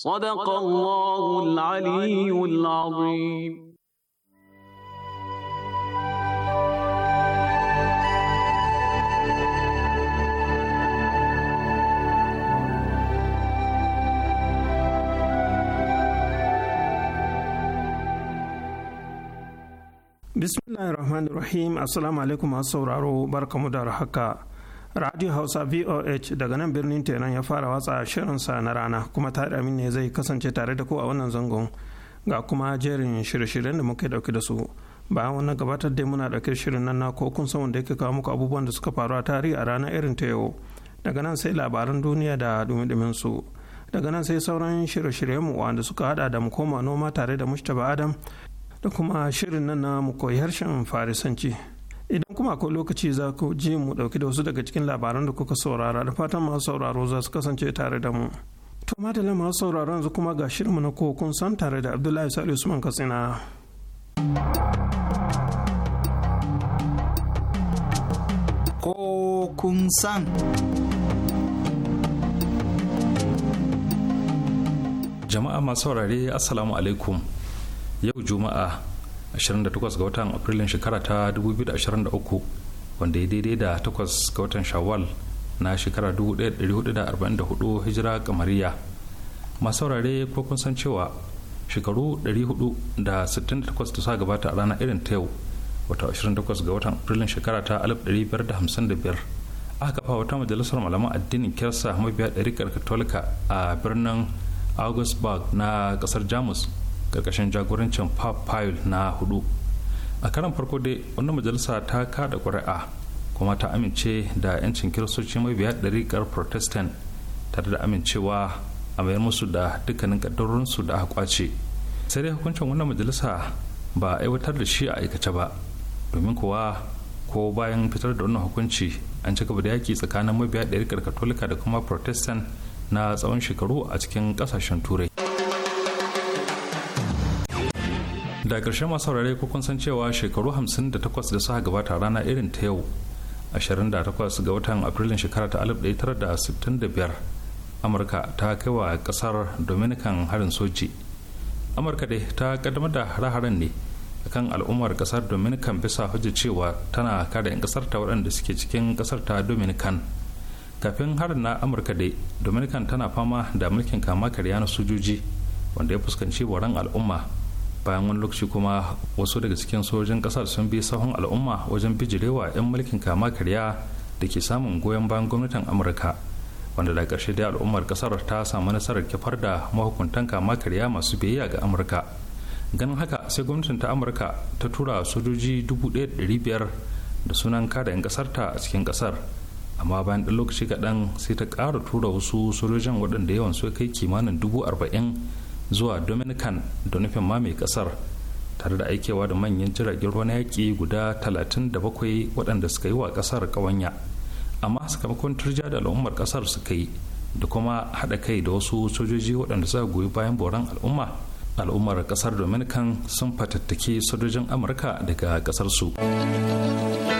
صدق الله العلي العظيم bismillahir rahmanir rahim assalamu alaikum masu sauraro barkamu da haka radio hausa voh daga nan birnin tehran ya fara watsa shirinsa na rana kuma tare amin ne zai kasance tare da ku a wannan zangon ga kuma jerin shirye-shiryen da muke dauke da su bayan wannan gabatar dai muna dauke shirin nan na ko kun san wanda yake kawo muku abubuwan da suka faru a tarihi a ranar irin ta yau daga nan sai labaran duniya da dumi su daga nan sai sauran shirye-shiryen mu wanda suka hada da mu koma noma tare da mustapha adam da kuma shirin nan na mu koyi harshen farisanci idan kuma akwai lokaci za ku ji mu dauki da wasu daga cikin labaran da kuka saurara da fatan masu sauraro za su kasance tare da mu to madalla masu sauraro yanzu kuma ga shirinmu na kokon san tare da abdullahi sa'ad usman katsina kokun san jama'a masu saurare assalamu alaikum yau juma'a 28 ga watan afrilun shekara ta 2023 wanda ya daidai da 8 ga watan shawwal na shekara 1444 hijira kamariya masu saurare ko kun san cewa shekaru 468 ta sa gabata a ranar irin ta yau wata 28 ga watan afrilun shekara ta 1555 aka kafa wata majalisar malaman addinin kirsa mabiya ɗarikar katolika a birnin augustburg na kasar jamus karkashin jagorancin pap pile na hudu a karan farko dai wannan majalisa ta kada ƙuri'a kuma ta amince da 'yancin kiristoci mabiya ɗariƙar protestant tare da amincewa a mayar musu da dukkanin ƙaddarorinsu da aka sai dai hukuncin wannan majalisa ba a aiwatar da shi a aikace ba domin kuwa ko bayan fitar da wannan hukunci an ci gaba da yaki tsakanin mabiya ɗariƙar katolika da kuma protestant na tsawon shekaru a cikin ƙasashen turai da ƙarshe masu saurare ko kun san cewa shekaru 58 da suka gabata rana irin ta yau 28 ga watan afrilun shekara ta 1965 amurka ta kai wa ƙasar dominican harin soji amurka dai ta kaddamar da hare ne akan al'ummar kasar dominican bisa hujjar cewa tana kare 'yan kasar ta waɗanda suke cikin kasar ta dominican kafin harin na amurka dai dominican tana fama da mulkin kama karya na sojoji wanda ya fuskanci waran al'umma bayan wani lokaci kuma wasu daga cikin sojojin kasar sun bi sahun al'umma wajen bijirewa 'yan mulkin kama karya da ke samun goyon bayan gwamnatin amurka wanda da ƙarshe dai al'ummar kasar ta samu nasarar kifar da mahukuntan kama karya masu biyayya ga amurka ganin haka sai gwamnatin ta amurka ta tura sojoji dubu 1,500 da sunan kada 'yan kasar ta a cikin kasar amma bayan ɗan lokaci kaɗan sai ta ƙara tura wasu sojojin waɗanda yawan su kai kimanin dubu arba'in zuwa dominican da nufin mamaye kasar tare da aikewa da manyan jiragen ruwa yaƙi guda 37 waɗanda suka yi wa ƙasar ƙawanya amma sakamakon turja da al'ummar ƙasar suka yi da kuma haɗa kai da wasu sojoji waɗanda suka goyi bayan boran al'umma al'ummar ƙasar dominican sun fatattake sojojin amurka daga ƙasarsu su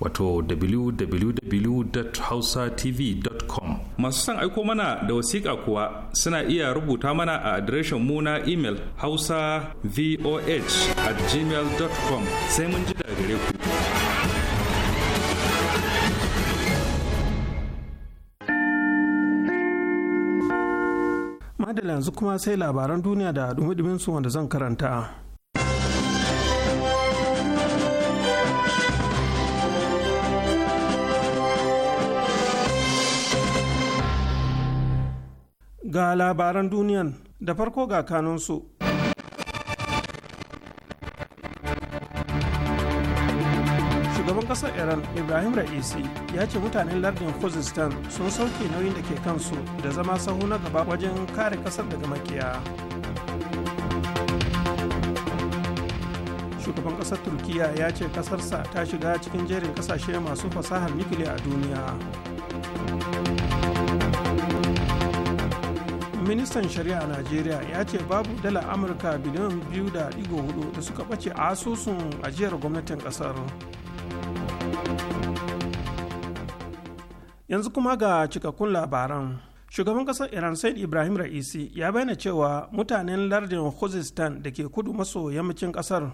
wato www.hausatv.com masu son aiko mana da wasiƙa kuwa suna iya rubuta mana a adireshin mu na imel hausa voh at gmail.com sai mun ji daga gare ku madalla yanzu kuma sai labaran duniya da dumi su wanda zan karanta ga labaran duniyan da farko ga kanunsu. Shugaban ƙasar Iran Ibrahim Ra'isi ya ce mutanen lardin kuzistan sun sauke nauyin da ke kansu da zama sahu na gaba wajen kare ƙasar daga makiya. Shugaban ƙasar Turkiya ya ce ƙasarsa ta shiga cikin jerin ƙasashe masu fasahar nukiliya a duniya. ministan shari'a a najeriya ya ce babu dala amurka biliyan biyu da digo hudu da suka ɓace a asusun ajiyar gwamnatin ƙasar yanzu kuma ga cikakkun labaran shugaban ƙasar iran said ibrahim ra'isi ya bayyana cewa mutanen lardin khuzistan da ke kudu maso yammacin ƙasar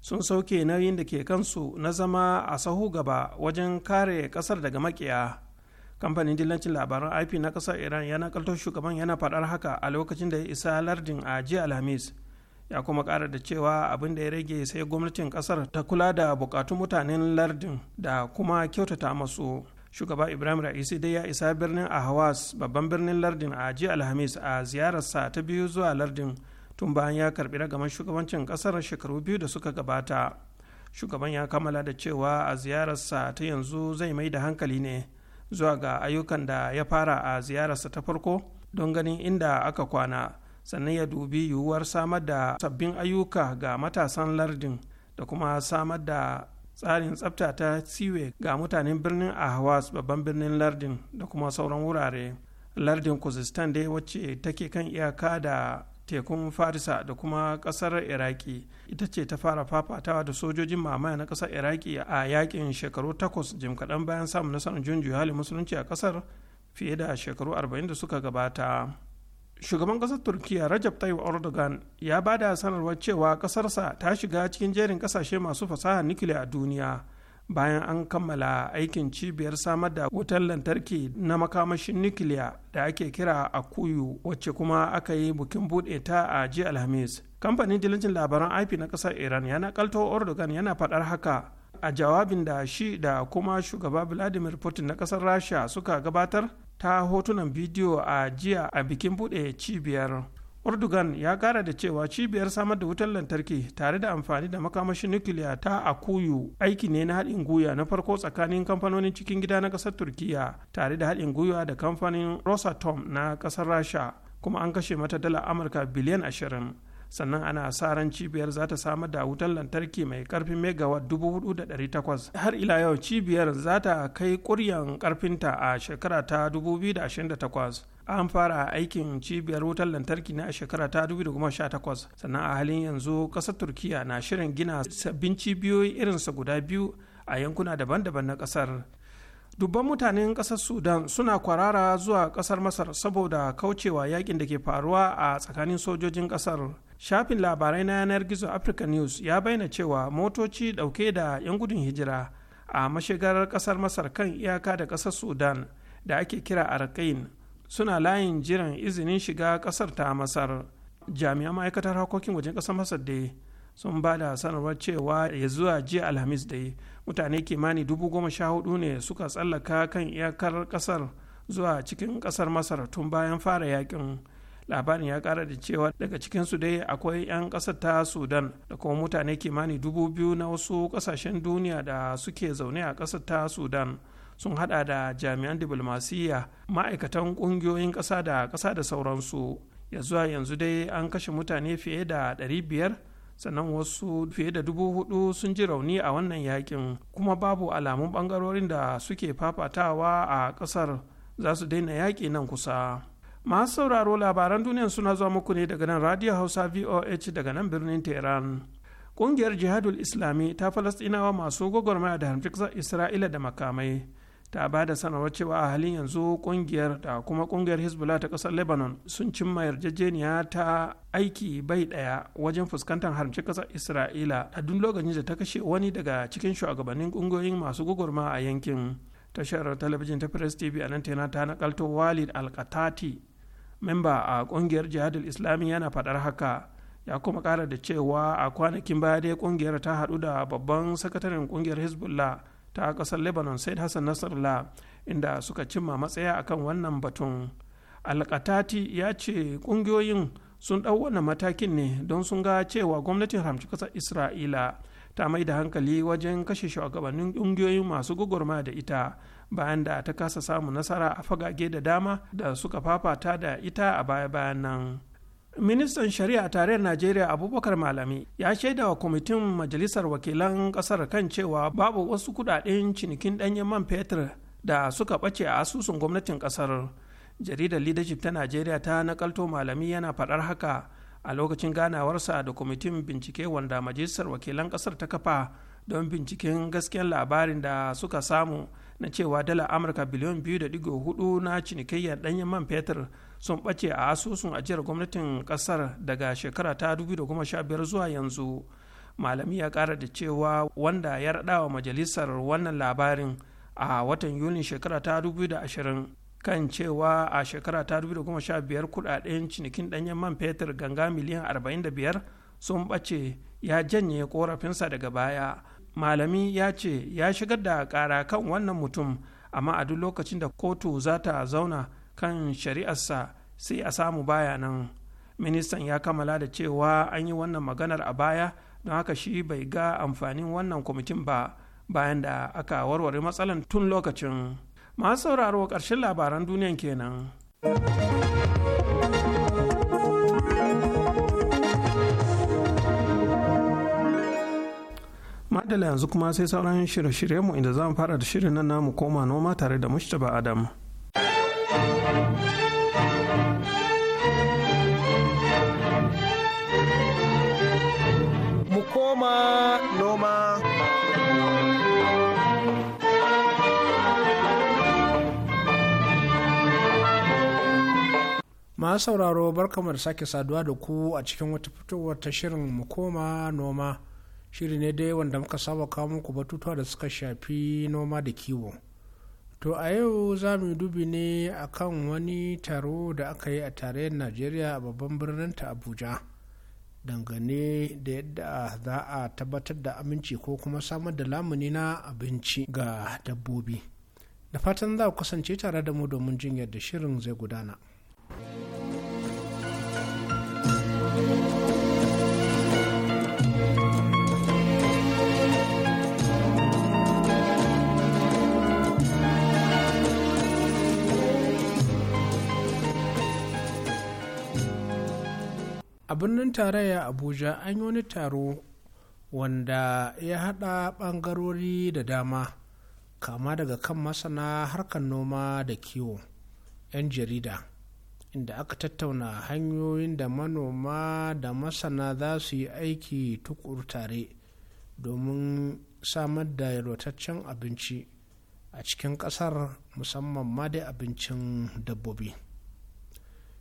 sun sauke nauyin da ke kansu na zama a sahu gaba wajen kare ƙasar daga makiya kamfanin dillancin labaran ip na kasar iran ya nakaltar shugaban yana faɗar haka a lokacin da ya isa lardin a jiya alhamis ya kuma kara da cewa abin da ya rage sai gwamnatin kasar ta kula da bukatun mutanen lardin da kuma kyautata masu shugaba ibrahim ra'isi dai ya isa birnin ahawas babban birnin lardin a jiya alhamis a ziyararsa ta biyu zuwa lardin tun bayan ya karbi ragaman shugabancin kasar shekaru biyu da suka gabata shugaban ya kammala da cewa a ziyararsa ta yanzu zai mai da hankali ne zuwa ga ayyukan da ya fara a ziyararsa ta farko don ganin inda aka kwana sannan ya dubi yiwuwar samar da sabbin ayyuka ga matasan lardin da kuma samar da tsarin tsafta ta siwe ga mutanen birnin ahwas babban birnin lardin da kuma sauran wurare lardin kuzistan dai wacce take kan iyaka da tekun farisa da kuma kasar iraki ita ce ta fara fafatawa da sojojin mamaya na kasar iraki a yakin shekaru takwas jim kaɗan bayan samun nasarar junjiyar hali musulunci a kasar fiye da shekaru arba'in da suka gabata shugaban kasar turkiya rajab tayyip erdogan ya ba da sanarwar cewa kasarsa ta shiga cikin jerin kasashe masu fasaha nukiliya a duniya bayan an kammala aikin cibiyar samar da wutar lantarki na makamashin nukiliya da ake kira a kuyu wacce kuma aka yi bukin buɗe ta a ji alhamis kamfanin dilancin labaran ip na ƙasar iran yana kalto ordogan yana faɗar haka a jawabin da shi da kuma shugaba vladimir putin na ƙasar rasha suka gabatar ta hotunan bidiyo a jiya a bikin buɗe cibiyar Erdogan ya kara da cewa cibiyar samar da wutar lantarki tare da amfani da makamashin nukiliya ta Akuyu aiki ne na haɗin gwiwa na farko tsakanin kamfanonin cikin gida na ƙasar Turkiya tare da haɗin gwiwa da kamfanin Rosatom na ƙasar Rasha kuma an kashe mata dala Amurka biliyan 20 sannan ana sa ran cibiyar za ta samar da wutar lantarki mai karfin megawatt 4,800 har ila yau cibiyar za ta kai ƙuryan karfinta a shekara ta 2028 an fara aikin cibiyar wutar lantarki ne a shekara ta 2018 sannan a halin yanzu ƙasar turkiya na shirin gina sabbin cibiyoyi irinsa guda biyu a yankuna daban-daban na ƙasar dubban mutanen ƙasar sudan suna kwarara zuwa ƙasar masar saboda kaucewa yakin da ke faruwa a tsakanin sojojin ƙasar shafin labarai na yanar gizo africa news ya bayyana cewa motoci ɗauke da 'yan gudun hijira a mashigar ƙasar masar kan iyaka da ƙasar sudan da ake kira arkain suna layin jiran izinin shiga kasar ta masar jami'an ma'aikatar harkokin wajen kasar masar dai sun ba da sanarwar cewa ya zuwa jiya alhamis dai mutane kimani dubu goma sha hudu ne suka tsallaka kan iyakar kasar zuwa cikin kasar masar tun bayan fara yakin labarin ya kara da cewa daga cikinsu dai akwai 'yan ƙasar ta sudan da kuma mutane kimani dubu biyu na wasu ƙasashen duniya da suke zaune a ƙasar ta sudan sun hada da jami'an diplomasiyya ma'aikatan ƙungiyoyin ƙasa da ƙasa da sauransu ya zuwa yanzu dai an kashe mutane fiye da 500 sannan wasu fiye da dubu hudu sun ji rauni a wannan yakin kuma babu alamun bangarorin da suke fafatawa a ƙasar za su daina yaƙi nan kusa masu sauraro labaran duniya suna zuwa muku ne daga nan radio hausa voh daga nan birnin tehran ƙungiyar jihadul islami ta falastinawa masu gwagwarmaya da hamfikar isra'ila da makamai ta ba da sanarwar cewa a halin yanzu kungiyar da kuma kungiyar hezbollah ta kasar lebanon sun cimma yarjejeniya ta aiki bai daya wajen fuskantar harmci kasar isra'ila a duk lokacin da ta kashe wani daga cikin shugabannin kungiyoyin masu gugurma a yankin tashar talabijin ta press tv a nan tana ta nakalto walid alkatati memba a kungiyar jihadul islami yana fadar haka ya kuma kara da cewa a kwanakin baya dai kungiyar ta hadu da babban sakataren kungiyar hezbollah ta kasar lebanon said hassan nasrallah inda suka cimma matsaya akan wannan batun alkatati ya ce kungiyoyin sun ɗau wannan matakin ne don sun ga cewa gwamnatin haramci kasar isra'ila ta mai da hankali wajen kashe shugabannin ƙungiyoyin masu gugurma da ita bayan da ta kasa samun nasara a fagage da dama da suka fafata da ita a baya-bayan nan ministan shari'a a tarayyar najeriya abubakar malami ya shaida wa kwamitin majalisar wakilan kasar kan cewa babu wasu kudaden cinikin danyen man fetur da suka ɓace a asusun gwamnatin kasar jaridar leadership ta najeriya ta nakalto malami yana faɗar haka a lokacin ganawarsa da kwamitin bincike wanda majalisar wakilan kasar ta kafa don binciken gasken labarin da suka samu na cewa dala amurka biliyon 2.4 na cinikayyar danyen man fetur sun bace a asusun ajiyar gwamnatin ƙasar daga shekara ta 2015 zuwa yanzu malami ya ƙara da cewa wanda ya raɗawa majalisar wannan labarin a watan yulin shekara ta 2020 kan cewa a shekara ta 2015 kudaden cinikin danyen man fetur ganga miliyan 45 sun ɓace ya janye korafinsa daga baya malami ya ce ya shigar da ƙara kan wannan mutum amma a duk lokacin da kotu za ta zauna kan shari'arsa sai a samu baya nan ministan ya kammala da cewa an yi wannan maganar a baya don haka shi bai ga amfanin wannan kwamitin ba bayan da aka warware matsalan tun lokacin masu sauraro ƙarshen labaran duniyan kenan. madala yanzu kuma sai sauran shirye mu inda za mu fara da shirin nan namu koma noma tare da mustapha adam mu koma noma masu sauraro barkamu da sake saduwa da ku a cikin wata fitowar ta shirin mu koma noma shiri ne dai wanda muka saba kawo muku batutuwa da suka shafi noma da kiwo to a yau za mu dubi ne akan wani taro da aka yi a tarayyar najeriya a babban birnin ta abuja dangane da yadda za a tabbatar da aminci ko kuma samar da lamuni na abinci ga dabbobi da fatan za ku kasance tare da mu domin jin yadda shirin zai gudana. birnin tarayya abuja an yi wani taro wanda ya haɗa ɓangarori da dama kama daga kan masana harkar noma da kiwo 'yan jarida inda aka tattauna hanyoyin da manoma da masana za su yi aiki tukur tare domin samar da yalwataccen abinci a cikin kasar musamman ma da abincin dabbobi.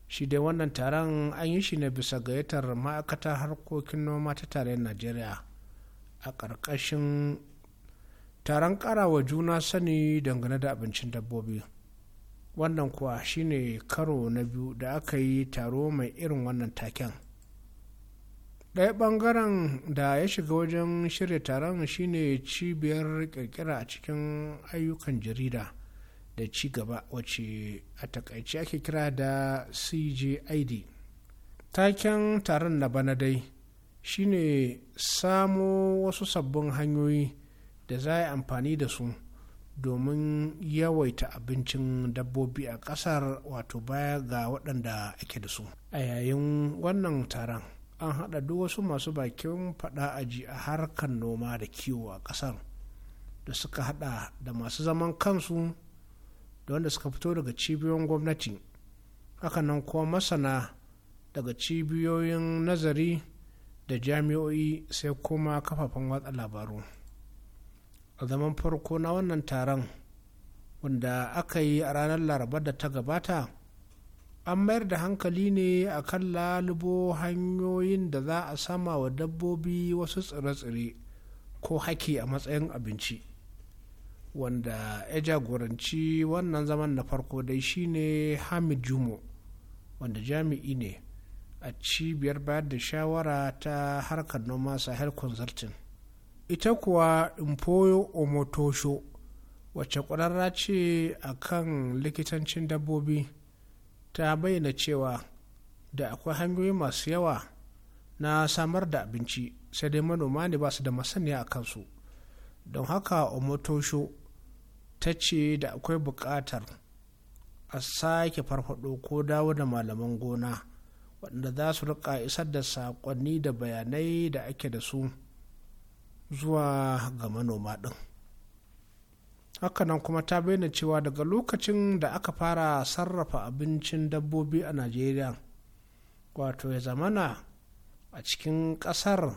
shi dai wannan taron an yi shi ne bisa gayyatar ma'aikatar harkokin noma ta tarayyar najeriya a ƙarƙashin taron ƙarawa juna sani dangane da abincin dabbobi wannan kuwa shine karo na biyu da aka yi taro mai irin wannan taken ɗaya ɓangaren da ya shiga wajen shirya taron shine cibiyar ƙirƙira a cikin ayyukan jarida da ci gaba wacce a takaice ake kira da cgid taken taron na bana dai shine samo wasu sabbin hanyoyi da za a yi amfani da su domin yawaita abincin dabbobi a kasar wato baya ga waɗanda ake da su a yayin wannan taron an haɗa duk wasu masu bakin faɗa aji a harkar noma da kiwo a ƙasar da suka haɗa da masu zaman kansu da wanda suka fito daga cibiyoyin gwamnati hakanan kuma masana daga cibiyoyin nazari da jami'o'i sai kuma kafafen watsa labaru a zaman farko na wannan taron wanda aka yi a ranar laraba da ta gabata an mayar da hankali ne a kan lalubo hanyoyin da za a sama wa dabbobi wasu tsire-tsire ko haki a matsayin abinci wanda ya jagoranci wannan zaman na farko dai shine hamid jumo wanda jami'i ne a cibiyar bayar da shawara ta harkar noma sahel consulting ita kuwa impoyo omotosho wacce ƙwararra ce a kan likitancin dabbobi ta bayyana cewa da akwai hanyoyi masu yawa na samar da abinci sai dai manoma ne ba su da masaniya a kansu don haka omotosho ta ce da akwai buƙatar a sake farfaɗo ko dawo da malaman gona waɗanda za su rika isar da saƙonni da bayanai da ake da su zuwa ga manoma ɗin hakanan kuma ta bayyana cewa daga lokacin da aka fara sarrafa abincin dabbobi a najeriya wato ya zamana a cikin ƙasar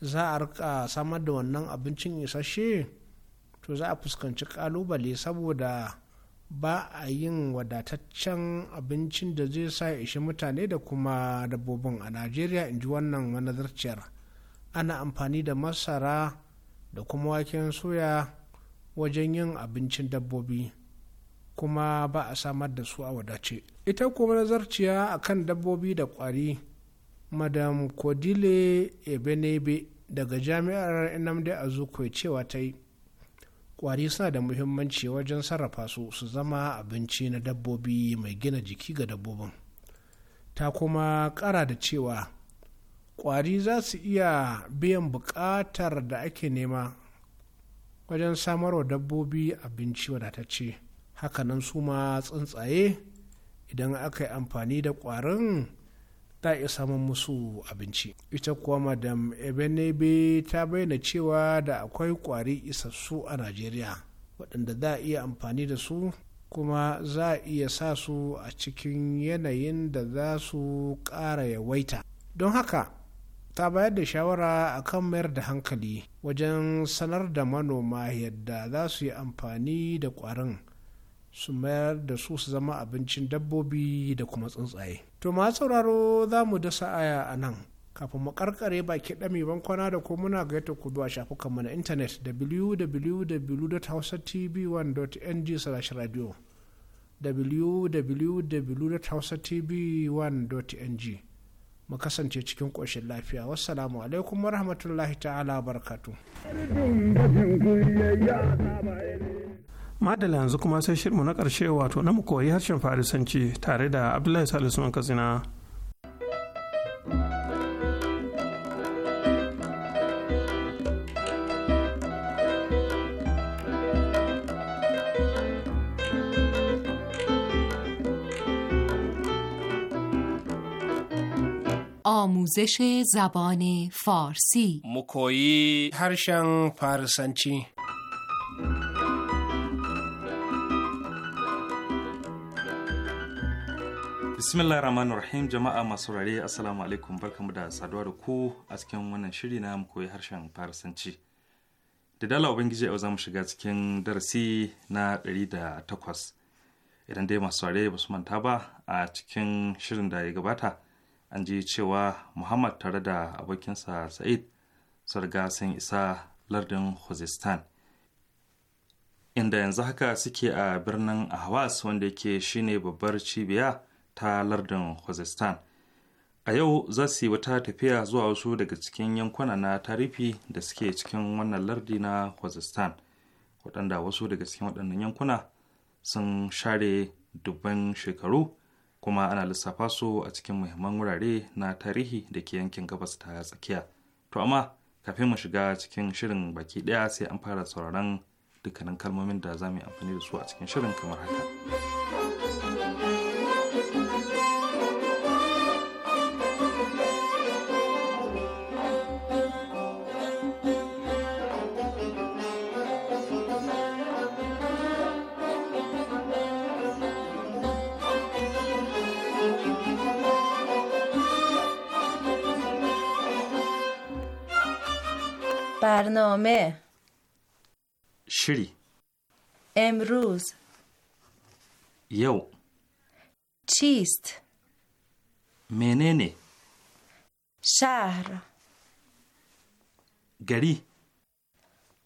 za a rika samar da wannan abincin isasshe to za a fuskanci kalubale saboda ba a yin wadataccen abincin da zai sa ya ishi mutane da kuma dabbobin a najeriya in ji wannan manazarciyar ana amfani da masara da kuma waken soya wajen yin abincin dabbobi kuma ba a samar da su a wadace ita kuma nazarciya a kan dabbobi da kwari madam kodile ebenebe daga jami'ar nnamdi azukwe cewa ta yi kwari suna da muhimmanci wajen sarrafa su su zama abinci na dabbobi mai gina jiki ga dabbobin ta kuma kara da cewa kwari za su iya biyan bukatar da ake nema wajen samarwa dabbobi abinci wadatacce hakanan su ma tsuntsaye idan aka yi amfani da kwarin ta a iya samun musu abinci ita kuwa madam ebenebe ta bayyana cewa da akwai kwari isassu a najeriya waɗanda za a iya amfani da su kuma za a iya sa su a cikin yanayin da za su ƙara yawaita don haka ta bayar da shawara a kan mayar da hankali wajen sanar da manoma yadda za su yi amfani da ƙwarin. su mayar da su su zama abincin dabbobi da kuma tsuntsaye. To ma sauraro za mu dasa aya a nan kafin mu karkare baki dami bankwana da ko muna kudu ku zuwa mu na intanet www.hausatv1.ng/radio www.hausatv1.ng mu kasance cikin ƙoshin lafiya wassalamu alaikum warahmatullahi ta'ala barkatu madala yanzu kuma sai shirmu na ƙarshe wato na mu koyi harshen farisanci tare da abdullahi salisu katsina آموزش زبان فارسی مکویی هرشن فارسنچی bismillah rahman rahim jama'a masu rare assalamu alaikum barkamu da saduwa da ku a cikin wannan shiri na mu koyi harshen farisanci da dala ubangiji yau za mu shiga cikin darasi na ɗari da takwas idan dai masu rare ba su manta ba a cikin shirin da ya gabata an ji cewa muhammad tare da abokinsa sa'id su riga sun isa lardin khuzestan inda yanzu haka suke a birnin ahwas wanda yake shine babbar cibiya ta lardin Khuzestan. A yau za su yi wata tafiya zuwa wasu daga cikin yankuna na tarifi da suke cikin wannan lardi na Khuzestan, waɗanda wasu daga cikin waɗannan yankuna sun share dubban shekaru kuma ana lissafa su a cikin muhimman wurare na tarihi da ke yankin gabas ta tsakiya. To amma kafin mu shiga cikin shirin baki ɗaya sai an fara sauraron dukkanin kalmomin da za mu yi amfani da su a cikin shirin kamar haka. برنامه شری امروز یو چیست مننه شهر گری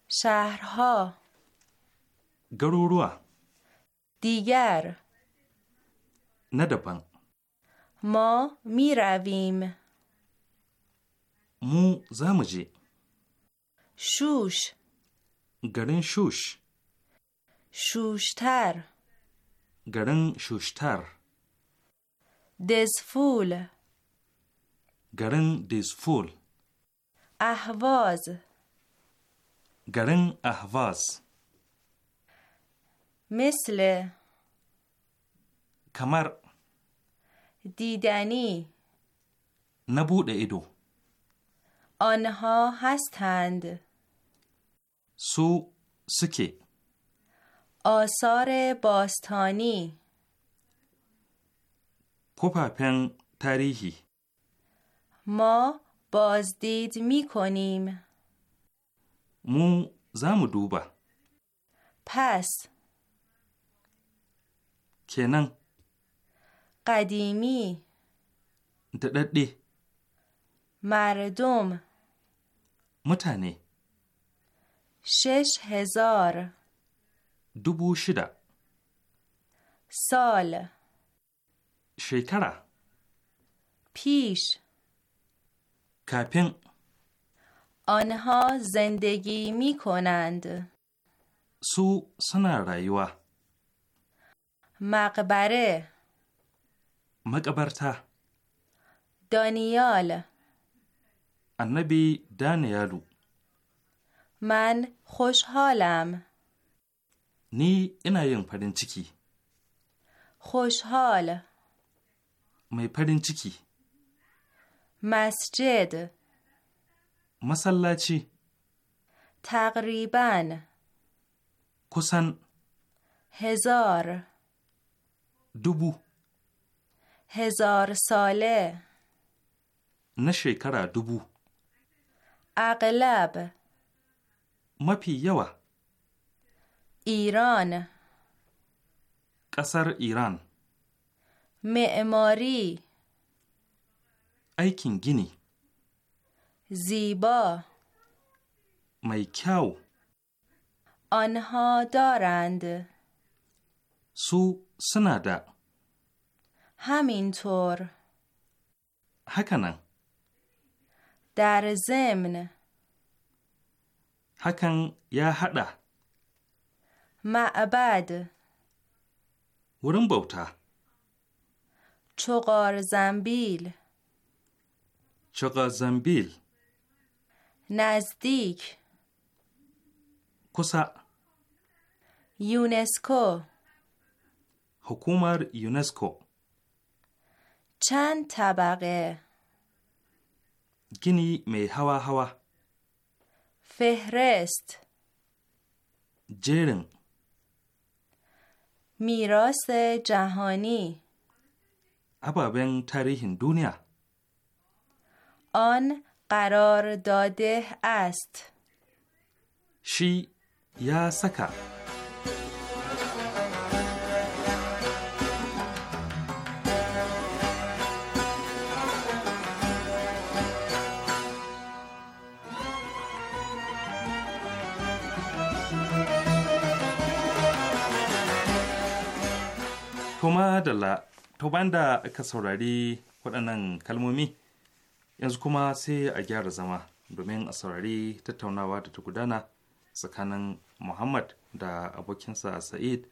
شهرها گروروه دیگر ندبن ما می رویم مو زمجی شوش گرن شوش شوشتر گرن شوشتر دزفول گرن دزفول احواز گرن اهواز مثل کمر دیدنی نبود ایدو آنها هستند سو سکی آثار باستانی کپاپن تاریخی ما بازدید می کنیم مو زم دوبا پس کنن قدیمی دردی مردم متنه شش هزار دوبو شده سال شکره پیش کپین آنها زندگی می کنند سو سنا رایوه مقبره مقبرته دانیال النبی دانیالو من خوشحالم نی اینا ین پرین چیکی خوشحال می پرین چیکی مسجد مسلاچی تقریبا کسن هزار دوبو هزار ساله نه شکره دوبو اغلب مپی یوا ایران قصر ایران معماری ایکین گینی زیبا میکاو آنها دارند سو سنادا همینطور هکنن در ضمن hakan ya haɗa ma'abad wurin bauta chugar zambil chugar kusa unesco hukumar unesco chan tabaqe gini mai hawa-hawa فهرست جرن میراس جهانی ابابن تاریخ دنیا آن قرار داده است شی یا سکه da la to da aka saurari waɗannan kalmomi yanzu kuma sai a gyara zama domin a saurari tattaunawa da ta gudana tsakanin Muhammad da abokinsa Sa'id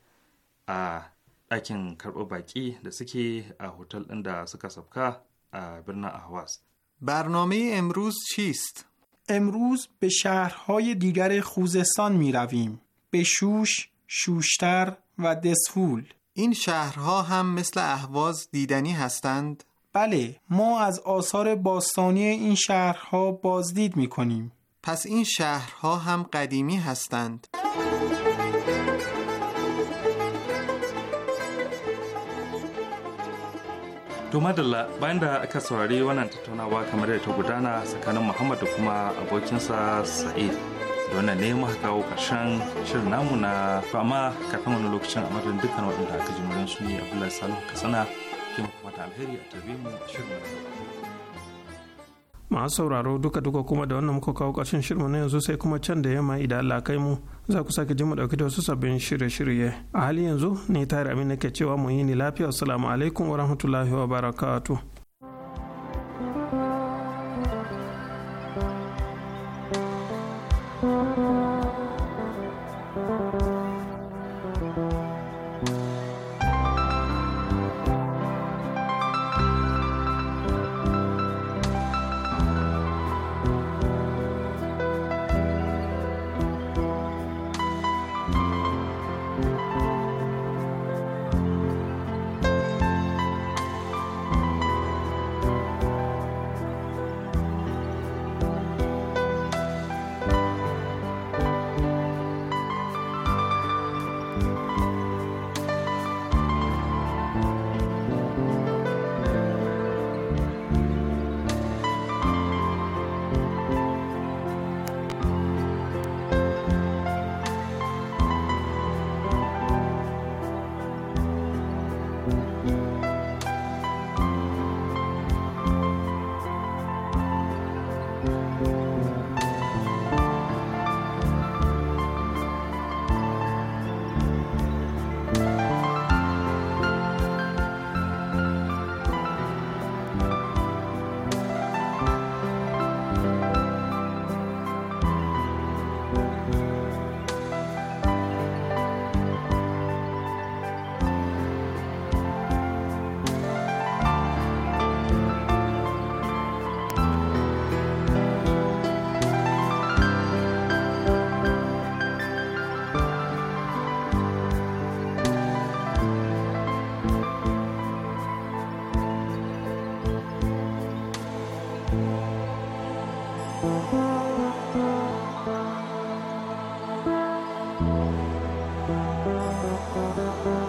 a ɗakin karɓar baƙi da suke a hotel ɗin da suka sabka a birnin Ahwas. برنامه امروز چیست؟ امروز به شهرهای دیگر خوزستان می رویم. به شوش، شوشتر و دسفول. این شهرها هم مثل اهواز دیدنی هستند؟ بله ما از آثار باستانی این شهرها بازدید می کنیم پس این شهرها هم قدیمی هستند To madalla bayan da aka saurari wannan و kamar da ta gudana tsakanin Muhammad don ne muka kawo ƙarshen shirin namu na fama kafin wani lokacin a madadin dukkan waɗanda aka ji murin su ne abdullahi salihu katsina ke muku alheri a tarbe mu a shirin masu sauraro duka duka kuma da wannan muka kawo ƙarshen shirin na yanzu sai kuma can da yamma idan Allah kai mu za ku sake ji mu dauki da wasu sabbin shirye-shirye a hali yanzu ne tare amin nake cewa mu yi ni lafiya assalamu alaikum wa rahmatullahi wa barakatuh Thank you.